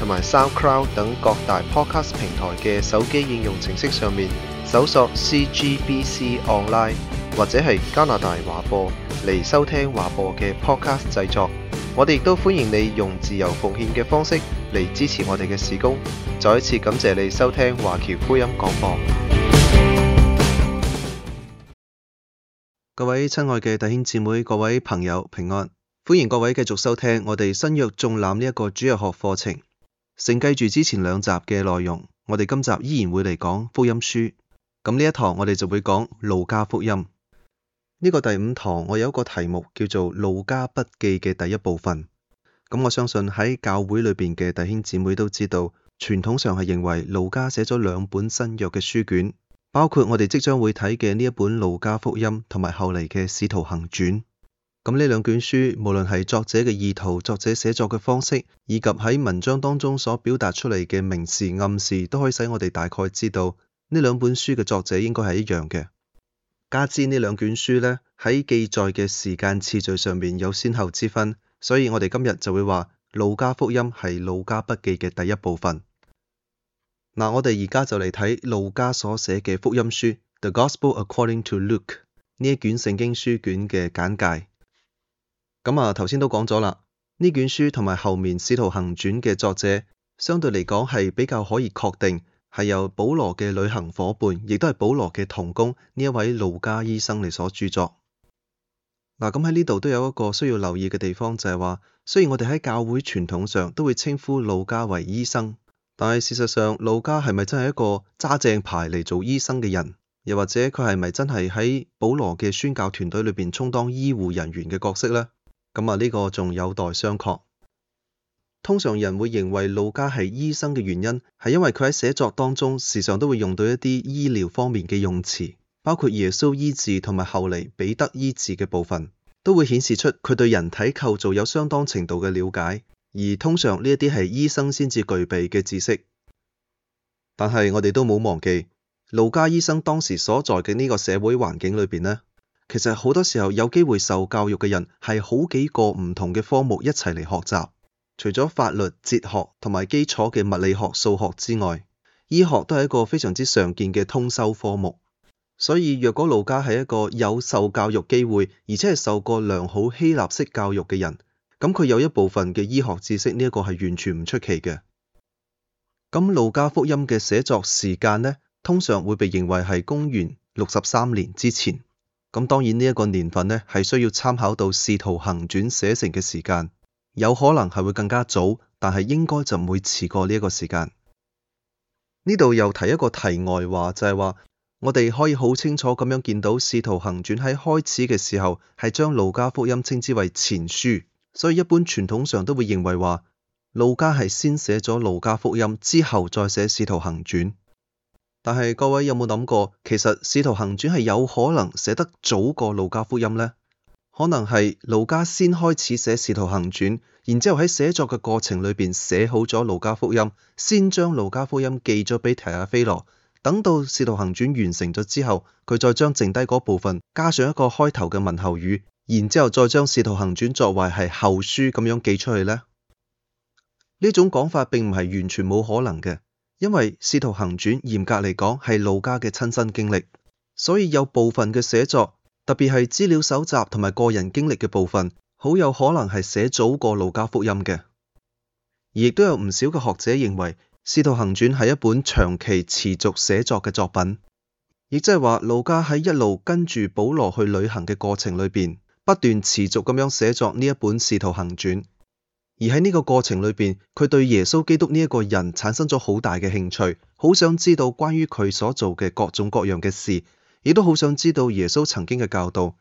同埋 SoundCloud 等各大 Podcast 平台嘅手機應用程式上面搜索 CGBC Online 或者係加拿大華播嚟收聽華播嘅 Podcast 製作。我哋亦都歡迎你用自由奉獻嘅方式嚟支持我哋嘅事工。再一次感謝你收聽華僑福音廣播。各位親愛嘅弟兄姊妹、各位朋友平安，歡迎各位繼續收聽我哋新約綜覽呢一個主日學課程。承繼住之前兩集嘅內容，我哋今集依然會嚟講福音書。咁呢一堂我哋就會講路加福音。呢、這個第五堂我有一個題目叫做《路加筆記》嘅第一部分。咁我相信喺教會裏邊嘅弟兄姊妹都知道，傳統上係認為路加寫咗兩本新約嘅書卷，包括我哋即將會睇嘅呢一本路加福音，同埋後嚟嘅《使徒行傳》。咁呢兩卷書，無論係作者嘅意圖、作者寫作嘅方式，以及喺文章當中所表達出嚟嘅明示、暗示，都可以使我哋大概知道呢兩本書嘅作者應該係一樣嘅。加之呢兩卷書呢，喺記載嘅時間次序上面有先後之分，所以我哋今日就會話路加福音係路加筆記嘅第一部分。嗱，我哋而家就嚟睇路加所寫嘅福音書《The Gospel According to Luke》呢一卷聖經書卷嘅簡介。咁啊，頭先都講咗啦，呢卷書同埋後面《使徒行傳》嘅作者，相對嚟講係比較可以確定係由保羅嘅旅行伙伴，亦都係保羅嘅同工呢一位路加醫生嚟所著作。嗱、啊，咁喺呢度都有一個需要留意嘅地方，就係、是、話，雖然我哋喺教會傳統上都會稱呼路加為醫生，但係事實上路加係咪真係一個揸正牌嚟做醫生嘅人，又或者佢係咪真係喺保羅嘅宣教團隊裏邊充當醫護人員嘅角色咧？咁啊，呢個仲有待商榷。通常人會認為路加係醫生嘅原因，係因為佢喺寫作當中時常都會用到一啲醫療方面嘅用詞，包括耶穌醫治同埋後嚟彼得醫治嘅部分，都會顯示出佢對人體構造有相當程度嘅了解。而通常呢一啲係醫生先至具備嘅知識。但係我哋都冇忘記，路加醫生當時所在嘅呢個社會環境裏邊呢。其實好多時候有機會受教育嘅人係好幾個唔同嘅科目一齊嚟學習，除咗法律、哲學同埋基礎嘅物理學、數學之外，醫學都係一個非常之常見嘅通修科目。所以若果路加係一個有受教育機會，而且係受過良好希臘式教育嘅人，咁佢有一部分嘅醫學知識呢一個係完全唔出奇嘅。咁路加福音嘅寫作時間呢，通常會被認為係公元六十三年之前。咁當然呢一個年份呢係需要參考到《使徒行傳》寫成嘅時間，有可能係會更加早，但係應該就唔會遲過呢一個時間。呢度又提一個題外話，就係話我哋可以好清楚咁樣見到《使徒行傳》喺開始嘅時候係將《路加福音》稱之為前書，所以一般傳統上都會認為話路加係先寫咗《路加福音》，之後再寫《使徒行傳》。但係各位有冇諗過，其實《使徒行傳》係有可能寫得早過《路加福音》呢？可能係路加先開始寫《使徒行傳》，然之後喺寫作嘅過程裏邊寫好咗《路加福音》，先將《路加福音》寄咗畀提阿非羅，等到《使徒行傳》完成咗之後，佢再將剩低嗰部分加上一個開頭嘅問候語，然之後再將《使徒行傳》作為係後書咁樣寄出去呢。呢種講法並唔係完全冇可能嘅。因為《使徒行傳》嚴格嚟講係路加嘅親身經歷，所以有部分嘅寫作，特別係資料搜集同埋個人經歷嘅部分，好有可能係寫早過《路加福音》嘅。而亦都有唔少嘅學者認為，圖《使徒行傳》係一本長期持續寫作嘅作品，亦即係話路加喺一路跟住保羅去旅行嘅過程裏邊，不斷持續咁樣寫作呢一本《使徒行傳》。而喺呢個過程裏邊，佢對耶穌基督呢一個人產生咗好大嘅興趣，好想知道關於佢所做嘅各種各樣嘅事，亦都好想知道耶穌曾經嘅教導。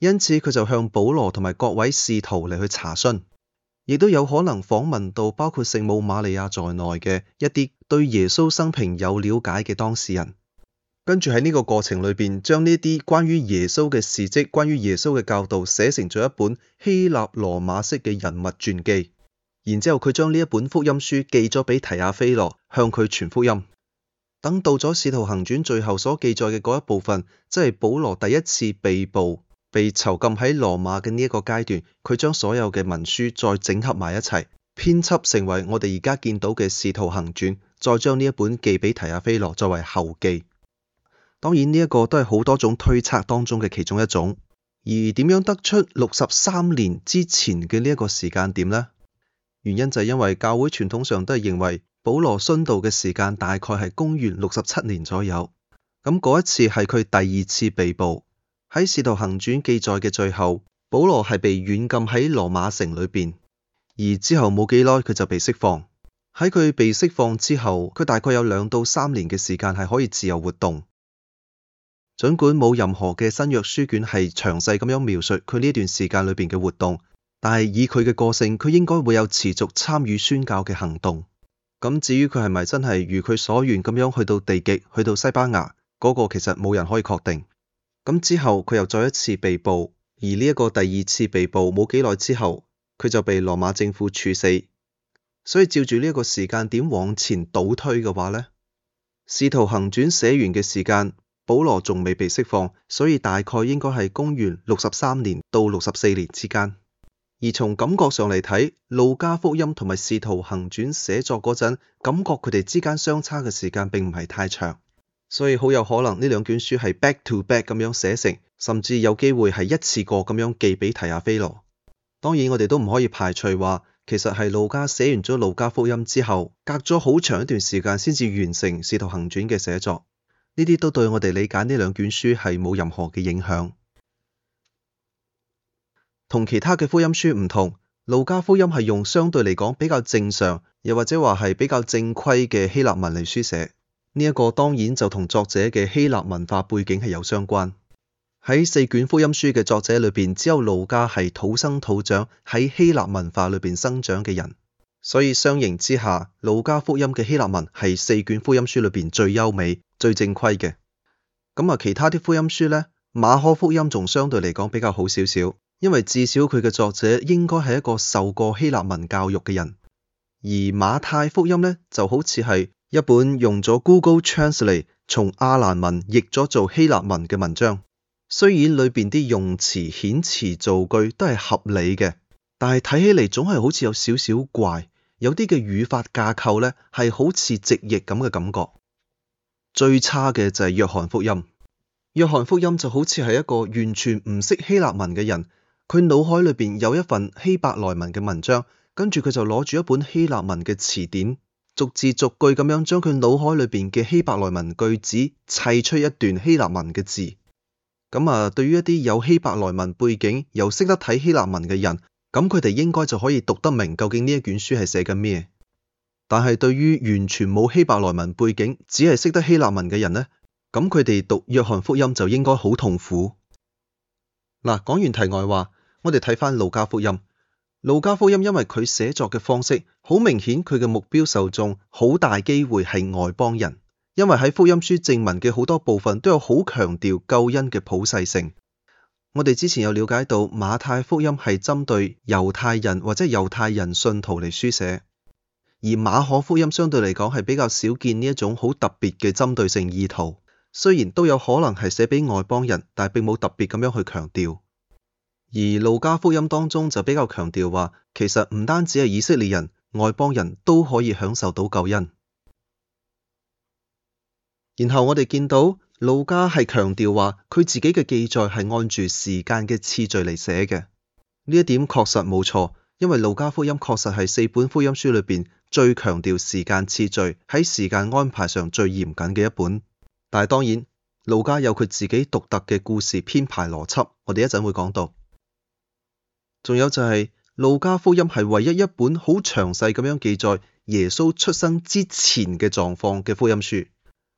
因此，佢就向保羅同埋各位使徒嚟去查詢，亦都有可能訪問到包括聖母瑪利亞在內嘅一啲對耶穌生平有了解嘅當事人。跟住喺呢個過程裏邊，將呢啲關於耶穌嘅事跡、關於耶穌嘅教導寫成咗一本希臘羅馬式嘅人物傳記。然之後佢將呢一本福音書寄咗俾提亞菲洛，向佢傳福音。等到咗使徒行傳最後所記載嘅嗰一部分，即係保羅第一次被捕、被囚禁喺羅馬嘅呢一個階段，佢將所有嘅文書再整合埋一齊，編輯成為我哋而家見到嘅使徒行傳，再將呢一本寄俾提亞菲洛作為後記。當然呢一個都係好多種推測當中嘅其中一種。而點樣得出六十三年之前嘅呢一個時間點呢？原因就係因為教會傳統上都係認為保羅殉道嘅時間大概係公元六十七年左右。咁嗰一次係佢第二次被捕。喺《使徒行傳》記載嘅最後，保羅係被軟禁喺羅馬城裏邊，而之後冇幾耐佢就被釋放。喺佢被釋放之後，佢大概有兩到三年嘅時間係可以自由活動。儘管冇任何嘅新約書卷係詳細咁樣描述佢呢段時間裏邊嘅活動。但係以佢嘅個性，佢應該會有持續參與宣教嘅行動。咁至於佢係咪真係如佢所願咁樣去到地極，去到西班牙嗰個，其實冇人可以確定。咁之後佢又再一次被捕，而呢一個第二次被捕冇幾耐之後，佢就被羅馬政府處死。所以照住呢一個時間點往前倒推嘅話呢，《使徒行傳》寫完嘅時間，保羅仲未被釋放，所以大概應該係公元六十三年到六十四年之間。而從感覺上嚟睇，《路加福音》同埋《使徒行傳》寫作嗰陣，感覺佢哋之間相差嘅時間並唔係太長，所以好有可能呢兩卷書係 back to back 咁樣寫成，甚至有機會係一次過咁樣寄俾提亞菲羅。當然，我哋都唔可以排除話，其實係路加寫完咗《路加福音》之後，隔咗好長一段時間先至完成《使徒行傳》嘅寫作。呢啲都對我哋理解呢兩卷書係冇任何嘅影響。同其他嘅福音書唔同，路加福音係用相對嚟講比較正常，又或者話係比較正規嘅希臘文嚟書寫。呢一個當然就同作者嘅希臘文化背景係有相關。喺四卷福音書嘅作者裏邊，只有路加係土生土長喺希臘文化裏邊生長嘅人，所以相形之下，路加福音嘅希臘文係四卷福音書裏邊最優美、最正規嘅。咁啊，其他啲福音書呢，馬可福音仲相對嚟講比較好少少。因為至少佢嘅作者應該係一個受過希臘文教育嘅人，而馬太福音呢，就好似係一本用咗 Google Translate 從亞蘭文譯咗做希臘文嘅文章。雖然裏邊啲用詞、遣詞造句都係合理嘅，但係睇起嚟總係好似有少少怪，有啲嘅語法架構呢係好似直譯咁嘅感覺。最差嘅就係、是、約翰福音，約翰福音就好似係一個完全唔識希臘文嘅人。佢腦海裏邊有一份希伯來文嘅文章，跟住佢就攞住一本希臘文嘅詞典，逐字逐句咁樣將佢腦海裏邊嘅希伯來文句子砌出一段希臘文嘅字。咁、嗯、啊，對於一啲有希伯來文背景又識得睇希臘文嘅人，咁佢哋應該就可以讀得明究竟呢一卷書係寫緊咩？但係對於完全冇希伯來文背景，只係識得希臘文嘅人呢，咁佢哋讀約翰福音就應該好痛苦。嗱、啊，講完題外話。我哋睇翻路加福音，路加福音因為佢寫作嘅方式，好明顯佢嘅目標受眾好大機會係外邦人，因為喺福音書正文嘅好多部分都有好強調救恩嘅普世性。我哋之前有了解到馬太福音係針對猶太人或者猶太人信徒嚟書寫，而馬可福音相對嚟講係比較少見呢一種好特別嘅針對性意圖，雖然都有可能係寫俾外邦人，但係並冇特別咁樣去強調。而路加福音當中就比較強調話，其實唔單止係以色列人，外邦人都可以享受到救恩。然後我哋見到路加係強調話，佢自己嘅記載係按住時間嘅次序嚟寫嘅。呢一點確實冇錯，因為路加福音確實係四本福音書裏邊最強調時間次序，喺時間安排上最嚴謹嘅一本。但係當然，路加有佢自己獨特嘅故事編排邏輯，我哋一陣會講到。仲有就係路加福音係唯一一本好詳細咁樣記載耶穌出生之前嘅狀況嘅福音書。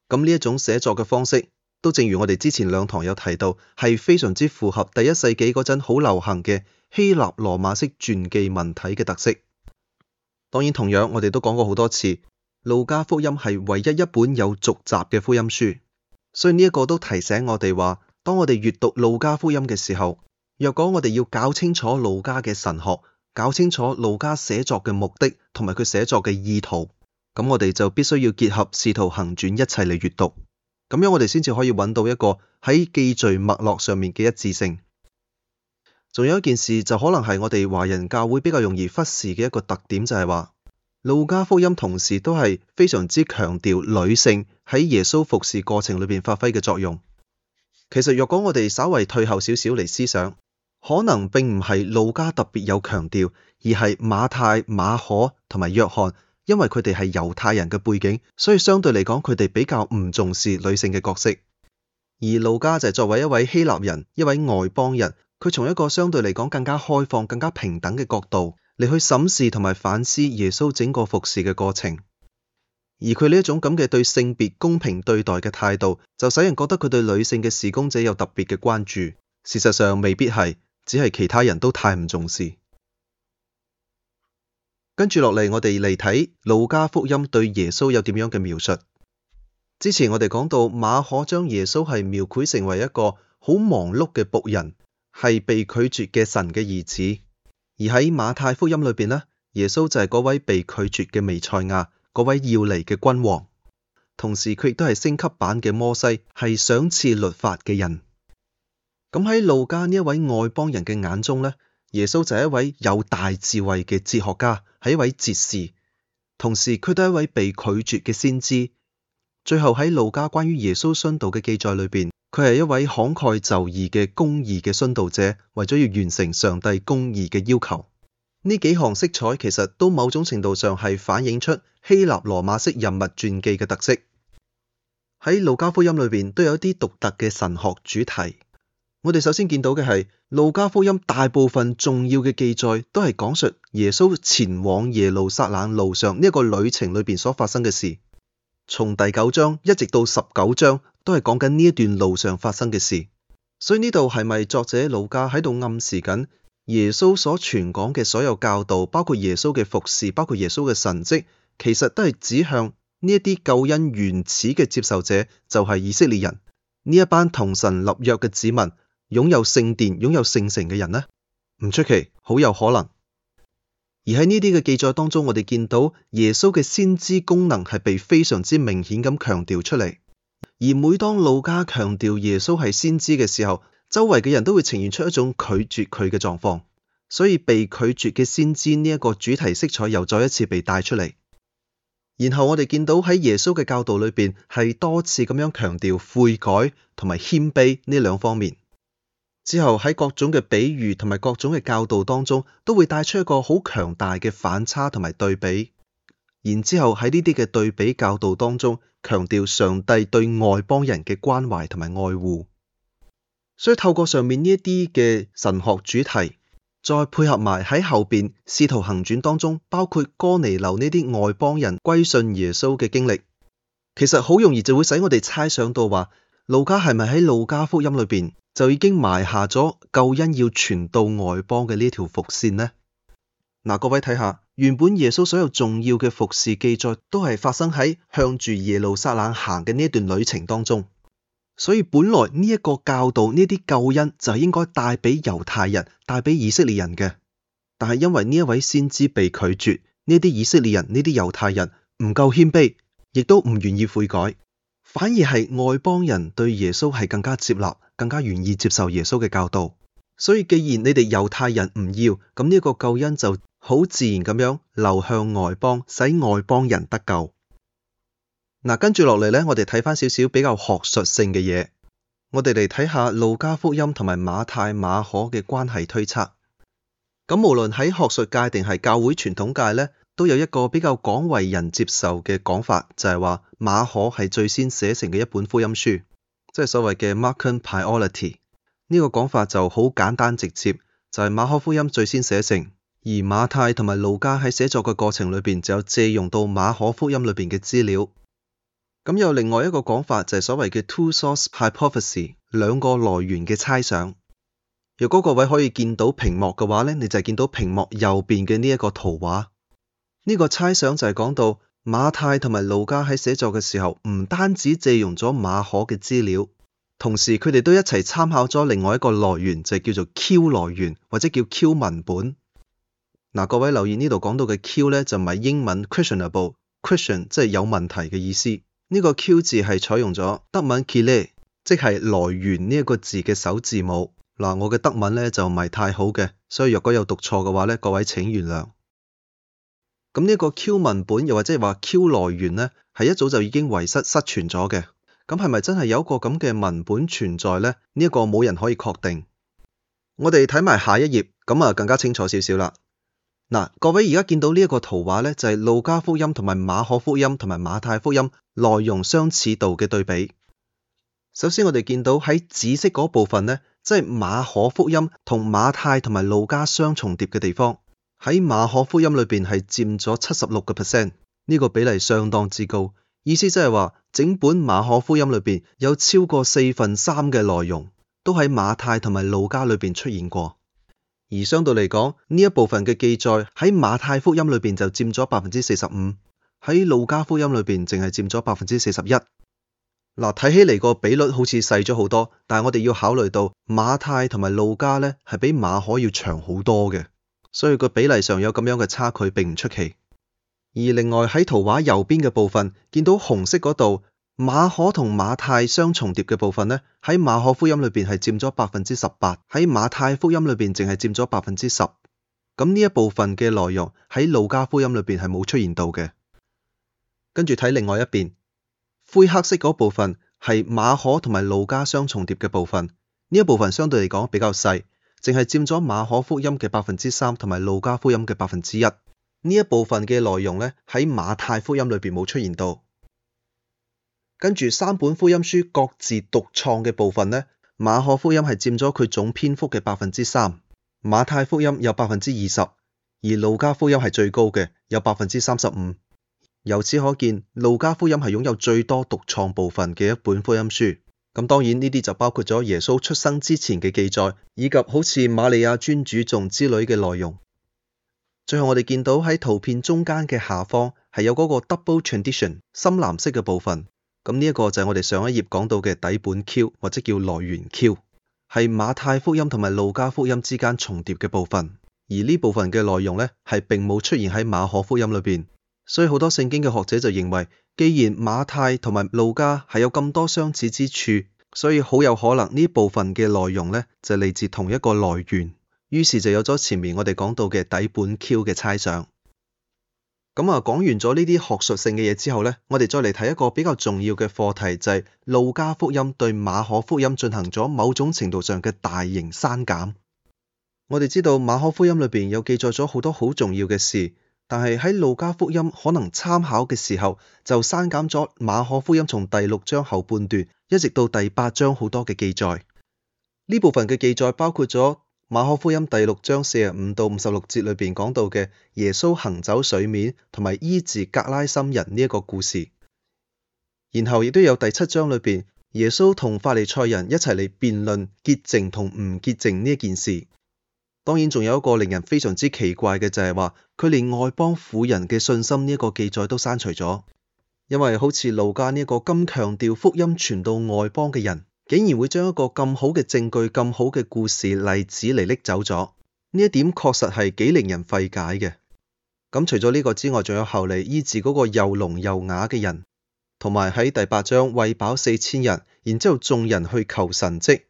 咁呢一種寫作嘅方式，都正如我哋之前兩堂有提到，係非常之符合第一世紀嗰陣好流行嘅希臘羅馬式傳記文體嘅特色。當然同樣我哋都講過好多次，路加福音係唯一一本有續集嘅福音書，所以呢一個都提醒我哋話，當我哋閱讀路加福音嘅時候。若果我哋要搞清楚路加嘅神學，搞清楚路加寫作嘅目的同埋佢寫作嘅意圖，咁我哋就必須要結合使徒行傳一齊嚟閱讀，咁樣我哋先至可以搵到一個喺記敘脈絡上面嘅一致性。仲有一件事就可能係我哋華人教會比較容易忽視嘅一個特點，就係話，路加福音同時都係非常之強調女性喺耶穌服侍過程裏邊發揮嘅作用。其實若果我哋稍為退後少少嚟思想，可能並唔係路加特別有強調，而係馬太、馬可同埋約翰，因為佢哋係猶太人嘅背景，所以相對嚟講佢哋比較唔重視女性嘅角色。而路加就係作為一位希臘人、一位外邦人，佢從一個相對嚟講更加開放、更加平等嘅角度嚟去審視同埋反思耶穌整個服侍嘅過程。而佢呢一種咁嘅對性別公平對待嘅態度，就使人覺得佢對女性嘅事工者有特別嘅關注。事實上未必係，只係其他人都太唔重視。跟住落嚟，我哋嚟睇路加福音對耶穌有點樣嘅描述。之前我哋講到馬可將耶穌係描繪成為一個好忙碌嘅僕人，係被拒絕嘅神嘅兒子。而喺馬太福音裏邊呢，耶穌就係嗰位被拒絕嘅彌賽亞。嗰位要嚟嘅君王，同時佢亦都係升級版嘅摩西，係賞賜律法嘅人。咁喺路加呢一位外邦人嘅眼中呢，耶穌就係一位有大智慧嘅哲學家，係一位哲士，同時佢都係一位被拒絕嘅先知。最後，喺路加關於耶穌殉道嘅記載裏邊，佢係一位慷慨就義嘅公義嘅殉道者，為咗要完成上帝公義嘅要求。呢幾行色彩其實都某種程度上係反映出希臘羅馬式人物傳記嘅特色。喺路加福音裏邊都有一啲獨特嘅神學主題。我哋首先見到嘅係路加福音大部分重要嘅記載都係講述耶穌前往耶路撒冷路上呢一個旅程裏邊所發生嘅事。從第九章一直到十九章都係講緊呢一段路上發生嘅事。所以呢度係咪作者路加喺度暗示緊？耶穌所傳講嘅所有教導，包括耶穌嘅服侍，包括耶穌嘅神蹟，其實都係指向呢一啲救恩原始嘅接受者就係以色列人，呢一班同神立約嘅子民，擁有聖殿、擁有聖城嘅人呢？唔出奇，好有可能。而喺呢啲嘅記載當中，我哋見到耶穌嘅先知功能係被非常之明顯咁強調出嚟。而每當路加強調耶穌係先知嘅時候，周圍嘅人都會呈現出一種拒絕佢嘅狀況，所以被拒絕嘅先知呢一個主題色彩又再一次被帶出嚟。然後我哋見到喺耶穌嘅教導裏邊係多次咁樣強調悔改同埋謙卑呢兩方面。之後喺各種嘅比喻同埋各種嘅教導當中，都會帶出一個好強大嘅反差同埋對比。然之後喺呢啲嘅對比教導當中，強調上帝對外邦人嘅關懷同埋愛護。所以透過上面呢一啲嘅神學主題，再配合埋喺後邊《使徒行傳》當中，包括哥尼流呢啲外邦人歸信耶穌嘅經歷，其實好容易就會使我哋猜想到話，路加係咪喺路加福音裏邊就已經埋下咗救恩要傳到外邦嘅呢條伏線呢？嗱、呃，各位睇下，原本耶穌所有重要嘅服侍記載，都係發生喺向住耶路撒冷行嘅呢段旅程當中。所以本來呢一個教導呢啲救恩就係應該帶畀猶太人帶畀以色列人嘅，但係因為呢一位先知被拒絕，呢啲以色列人呢啲猶太人唔夠謙卑，亦都唔願意悔改，反而係外邦人對耶穌係更加接納，更加願意接受耶穌嘅教導。所以既然你哋猶太人唔要，咁呢個救恩就好自然咁樣流向外邦，使外邦人得救。嗱，跟住落嚟咧，我哋睇翻少少比較學術性嘅嘢，我哋嚟睇下路加福音同埋馬太、馬可嘅關係推測。咁無論喺學術界定係教會傳統界呢，都有一個比較廣為人接受嘅講法，就係話馬可係最先寫成嘅一本福音書，即係所謂嘅 Markan Priority。呢個講法就好簡單直接，就係馬可福音最先寫成，而馬太同埋路加喺寫作嘅過程裏邊就有借用到馬可福音裏面嘅資料。咁有另外一個講法就係、是、所謂嘅 Two Source Hypothesis，兩個來源嘅猜想。若果各位可以見到屏幕嘅話呢，你就係見到屏幕右邊嘅呢一個圖畫。呢、這個猜想就係講到馬太同埋路加喺寫作嘅時候，唔單止借用咗馬可嘅資料，同時佢哋都一齊參考咗另外一個來源，就係、是、叫做 Q 來源或者叫 Q 文本。嗱、呃，各位留意呢度講到嘅 Q 呢，就唔係英文 questionable，question 即係有問題嘅意思。呢個 Q 字係採用咗德文 Kle，i 即係來源呢一個字嘅首字母。嗱，我嘅德文咧就唔係太好嘅，所以若果有讀錯嘅話咧，各位請原諒。咁呢一個 Q 文本又或者係話 Q 來源咧，係一早就已經遺失失傳咗嘅。咁係咪真係有個咁嘅文本存在咧？呢、這、一個冇人可以確定。我哋睇埋下一頁，咁啊更加清楚少少啦。嗱，各位而家見到呢一個圖畫咧，就係、是、路加福音同埋馬可福音同埋馬太福音。內容相似度嘅對比，首先我哋見到喺紫色嗰部分呢，即係馬可福音同馬太同埋路加相重疊嘅地方，喺馬可福音裏邊係佔咗七十六個 percent，呢個比例相當之高，意思即係話整本馬可福音裏邊有超過四分三嘅內容都喺馬太同埋路加裏邊出現過，而相對嚟講，呢一部分嘅記載喺馬太福音裏邊就佔咗百分之四十五。喺路加福音裏邊，淨係佔咗百分之四十一。嗱，睇起嚟個比率好似細咗好多，但係我哋要考慮到馬太同埋路加咧，係比馬可要長好多嘅，所以個比例上有咁樣嘅差距並唔出奇。而另外喺圖畫右邊嘅部分，見到紅色嗰度，馬可同馬太相重疊嘅部分咧，喺馬可福音裏邊係佔咗百分之十八，喺馬太福音裏邊淨係佔咗百分之十。咁呢一部分嘅內容喺路加福音裏邊係冇出現到嘅。跟住睇另外一邊，灰黑色嗰部分係馬可同埋路加相重疊嘅部分，呢一部分相對嚟講比較細，淨係佔咗馬可福音嘅百分之三同埋路加福音嘅百分之一。呢一部分嘅內容呢，喺馬太福音裏邊冇出現到。跟住三本福音書各自獨創嘅部分呢，馬可福音係佔咗佢總篇幅嘅百分之三，馬太福音有百分之二十，而路加福音係最高嘅，有百分之三十五。由此可見，路加福音係擁有最多獨創部分嘅一本福音書。咁當然呢啲就包括咗耶穌出生之前嘅記載，以及好似瑪利亞尊主頌之類嘅內容。最後我哋見到喺圖片中間嘅下方係有嗰個 double tradition 深藍色嘅部分。咁呢一個就係我哋上一頁講到嘅底本 Q 或者叫來源 Q，係馬太福音同埋路加福音之間重疊嘅部分。而呢部分嘅內容呢，係並冇出現喺馬可福音裏邊。所以好多聖經嘅學者就認為，既然馬太同埋路加係有咁多相似之處，所以好有可能呢部分嘅內容呢就嚟自同一個來源。於是就有咗前面我哋講到嘅底本 Q 嘅猜想。咁、嗯、啊，講完咗呢啲學術性嘅嘢之後呢，我哋再嚟睇一個比較重要嘅課題，就係、是、路加福音對馬可福音進行咗某種程度上嘅大型刪減。我哋知道馬可福音裏邊有記載咗好多好重要嘅事。但係喺路加福音可能參考嘅時候，就刪減咗馬可福音從第六章後半段一直到第八章好多嘅記載。呢部分嘅記載包括咗馬可福音第六章四十五到五十六節裏面講到嘅耶穌行走水面同埋醫治格拉森人呢一個故事。然後亦都有第七章裏邊耶穌同法利賽人一齊嚟辯論潔淨同唔潔淨呢件事。當然，仲有一個令人非常之奇怪嘅，就係話佢連外邦婦人嘅信心呢一個記載都刪除咗，因為好似路加呢一個咁強調福音傳到外邦嘅人，竟然會將一個咁好嘅證據，咁好嘅故事例子嚟拎走咗，呢一點確實係幾令人費解嘅。咁除咗呢個之外，仲有後嚟醫治嗰個又聾又啞嘅人，同埋喺第八章餵飽四千人，然之後眾人去求神跡。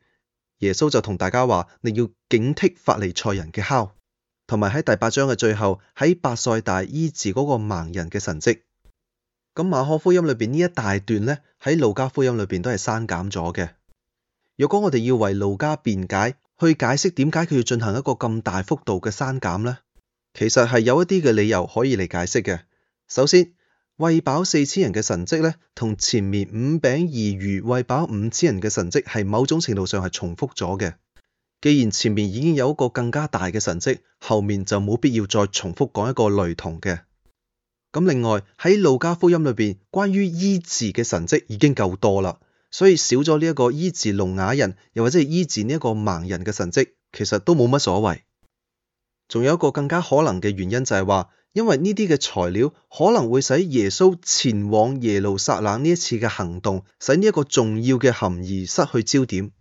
耶穌就同大家話：你要警惕法利賽人嘅酵，同埋喺第八章嘅最後喺伯賽大醫治嗰個盲人嘅神蹟。咁馬可福音裏邊呢一大段呢，喺路加福音裏邊都係刪減咗嘅。如果我哋要為路加辯解，去解釋點解佢要進行一個咁大幅度嘅刪減呢？其實係有一啲嘅理由可以嚟解釋嘅。首先，餵飽四千人嘅神蹟咧，同前面五餅二魚餵飽五千人嘅神蹟係某種程度上係重複咗嘅。既然前面已經有一個更加大嘅神蹟，後面就冇必要再重複講一個雷同嘅。咁另外喺路加福音裏邊，關於醫治嘅神蹟已經夠多啦，所以少咗呢一個醫治聾啞人，又或者係醫治呢一個盲人嘅神蹟，其實都冇乜所謂。仲有一個更加可能嘅原因就係話。因為呢啲嘅材料可能會使耶穌前往耶路撒冷呢一次嘅行動，使呢一個重要嘅含義失去焦點。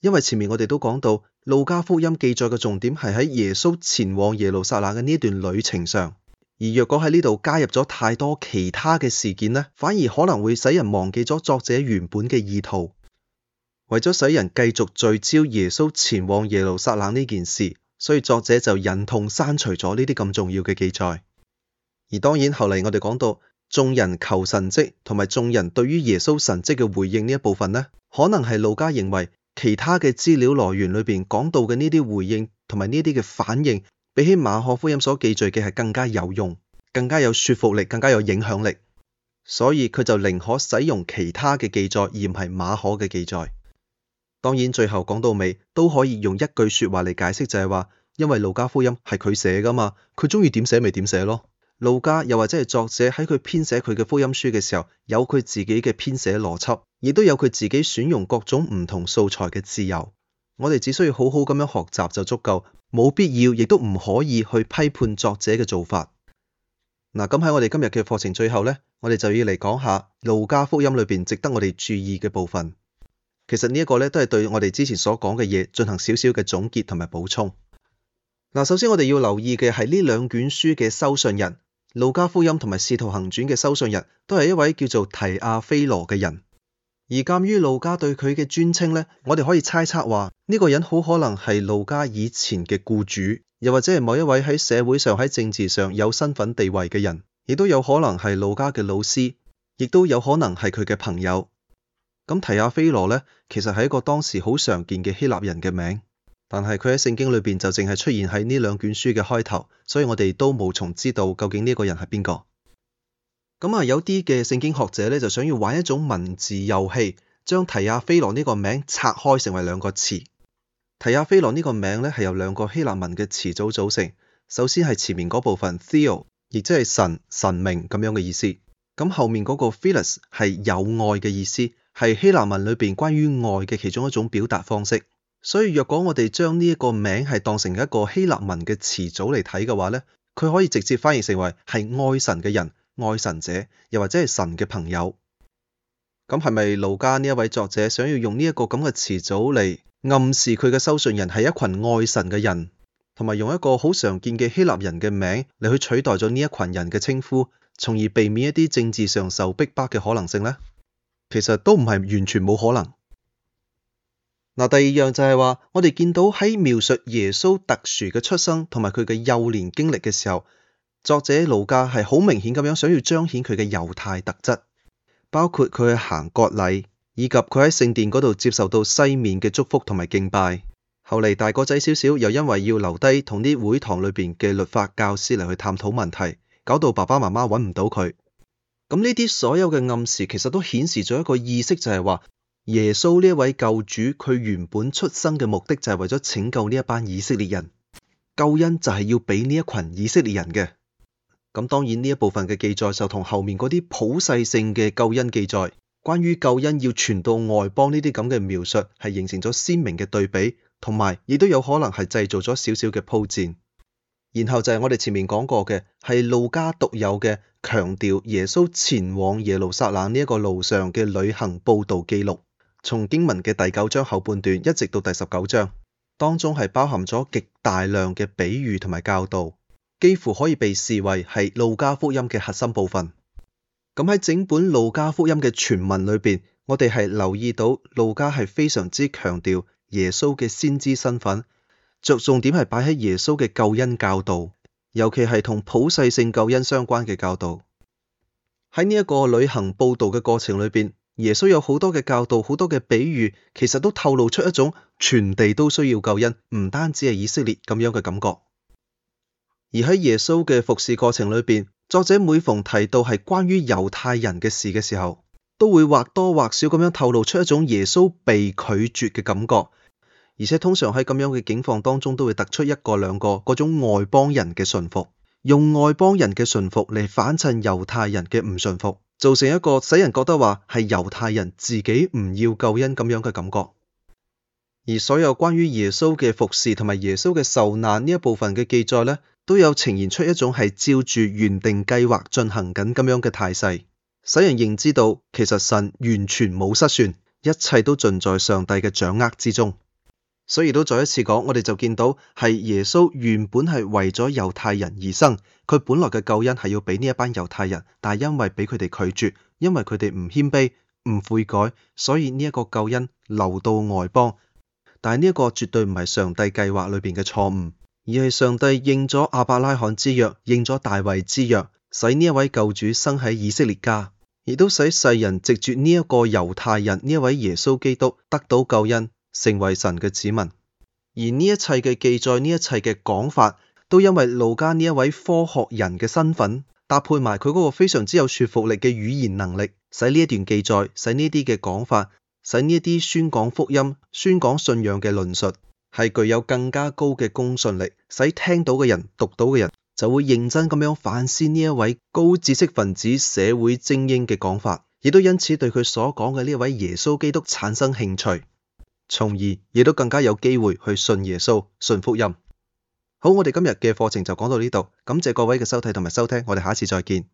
因為前面我哋都講到，路加福音記載嘅重點係喺耶穌前往耶路撒冷嘅呢段旅程上，而若果喺呢度加入咗太多其他嘅事件呢，反而可能會使人忘記咗作者原本嘅意圖，為咗使人繼續聚焦耶穌前往耶路撒冷呢件事。所以作者就忍痛刪除咗呢啲咁重要嘅記載。而當然後嚟我哋講到眾人求神蹟同埋眾人對於耶穌神蹟嘅回應呢一部分呢，可能係路加認為其他嘅資料來源裏邊講到嘅呢啲回應同埋呢啲嘅反應比起馬可福音所記載嘅係更加有用、更加有說服力、更加有影響力，所以佢就寧可使用其他嘅記載，而唔係馬可嘅記載。當然，最後講到尾都可以用一句說話嚟解釋，就係話，因為路加福音係佢寫㗎嘛，佢中意點寫咪點寫咯。路加又或者係作者喺佢編寫佢嘅福音書嘅時候，有佢自己嘅編寫邏輯，亦都有佢自己選用各種唔同素材嘅自由。我哋只需要好好咁樣學習就足夠，冇必要亦都唔可以去批判作者嘅做法。嗱，咁喺我哋今日嘅課程最後咧，我哋就要嚟講下路加福音裏邊值得我哋注意嘅部分。其實呢一個咧，都係對我哋之前所講嘅嘢進行少少嘅總結同埋補充。嗱，首先我哋要留意嘅係呢兩卷書嘅收信人，路加福音同埋使徒行傳嘅收信人，都係一位叫做提亞非羅嘅人。而鑒於路加對佢嘅尊稱咧，我哋可以猜測話呢個人好可能係路加以前嘅僱主，又或者係某一位喺社會上喺政治上有身份地位嘅人，亦都有可能係路加嘅老師，亦都有可能係佢嘅朋友。咁提亞菲羅咧，其實係一個當時好常見嘅希臘人嘅名，但係佢喺聖經裏邊就淨係出現喺呢兩卷書嘅開頭，所以我哋都無從知道究竟呢一個人係邊個。咁、嗯、啊，有啲嘅聖經學者咧就想要玩一種文字遊戲，將提亞菲羅呢個名拆開成為兩個詞。提亞菲羅呢個名咧係由兩個希臘文嘅詞組組成，首先係前面嗰部分 Theo，亦即係神、神明咁樣嘅意思，咁、嗯、後面嗰個 Phileus 係有愛嘅意思。係希臘文裏邊關於愛嘅其中一種表達方式，所以若果我哋將呢一個名係當成一個希臘文嘅詞組嚟睇嘅話咧，佢可以直接翻譯成為係愛神嘅人、愛神者，又或者係神嘅朋友。咁係咪盧家呢一位作者想要用呢一個咁嘅詞組嚟暗示佢嘅收信人係一群愛神嘅人，同埋用一個好常見嘅希臘人嘅名嚟去取代咗呢一群人嘅稱呼，從而避免一啲政治上受逼迫嘅可能性咧？其實都唔係完全冇可能。嗱，第二樣就係話，我哋見到喺描述耶穌特殊嘅出生同埋佢嘅幼年經歷嘅時候，作者路加係好明顯咁樣想要彰顯佢嘅猶太特質，包括佢去行割禮，以及佢喺聖殿嗰度接受到西面嘅祝福同埋敬拜。後嚟大個仔少少，又因為要留低同啲會堂裏邊嘅律法教師嚟去探討問題，搞到爸爸媽媽揾唔到佢。咁呢啲所有嘅暗示，其實都顯示咗一個意識，就係話耶穌呢位救主，佢原本出生嘅目的就係為咗拯救呢一班以色列人，救恩就係要俾呢一群以色列人嘅。咁當然呢一部分嘅記載，就同後面嗰啲普世性嘅救恩記載，關於救恩要傳到外邦呢啲咁嘅描述，係形成咗鮮明嘅對比，同埋亦都有可能係製造咗少少嘅鋪墊。然後就係我哋前面講過嘅，係路加獨有嘅、強調耶穌前往耶路撒冷呢一個路上嘅旅行報道記錄，從經文嘅第九章後半段一直到第十九章，當中係包含咗極大量嘅比喻同埋教導，幾乎可以被視為係路加福音嘅核心部分。咁喺整本路加福音嘅全文裏邊，我哋係留意到路加係非常之強調耶穌嘅先知身份。着重點係擺喺耶穌嘅救恩教導，尤其係同普世性救恩相關嘅教導。喺呢一個旅行報道嘅過程裏邊，耶穌有好多嘅教導，好多嘅比喻，其實都透露出一種全地都需要救恩，唔單止係以色列咁樣嘅感覺。而喺耶穌嘅服侍過程裏邊，作者每逢提到係關於猶太人嘅事嘅時候，都會或多或少咁樣透露出一種耶穌被拒絕嘅感覺。而且通常喺咁樣嘅境況當中，都會突出一個兩個嗰種外邦人嘅順服，用外邦人嘅順服嚟反襯猶太人嘅唔順服，造成一個使人覺得話係猶太人自己唔要救恩咁樣嘅感覺。而所有關於耶穌嘅服侍同埋耶穌嘅受難呢一部分嘅記載呢，都有呈現出一種係照住原定計劃進行緊咁樣嘅態勢，使人認知到其實神完全冇失算，一切都盡在上帝嘅掌握之中。所以都再一次講，我哋就見到係耶穌原本係為咗猶太人而生，佢本來嘅救恩係要俾呢一班猶太人，但係因為俾佢哋拒絕，因為佢哋唔謙卑、唔悔改，所以呢一個救恩流到外邦。但係呢一個絕對唔係上帝計劃裏邊嘅錯誤，而係上帝應咗阿伯拉罕之約，應咗大衛之約，使呢一位救主生喺以色列家，亦都使世人藉住呢一個猶太人呢一位耶穌基督得到救恩。成為神嘅子民，而呢一切嘅記載，呢一切嘅講法，都因為路加呢一位科學人嘅身份，搭配埋佢嗰個非常之有說服力嘅語言能力，使呢一段記載，使呢啲嘅講法，使呢一啲宣講福音、宣講信仰嘅論述，係具有更加高嘅公信力，使聽到嘅人、讀到嘅人，就會認真咁樣反思呢一位高知識分子、社會精英嘅講法，亦都因此對佢所講嘅呢一位耶穌基督產生興趣。從而，亦都更加有機會去信耶穌、信福音。好，我哋今日嘅課程就講到呢度。感謝各位嘅收睇同埋收聽，我哋下次再見。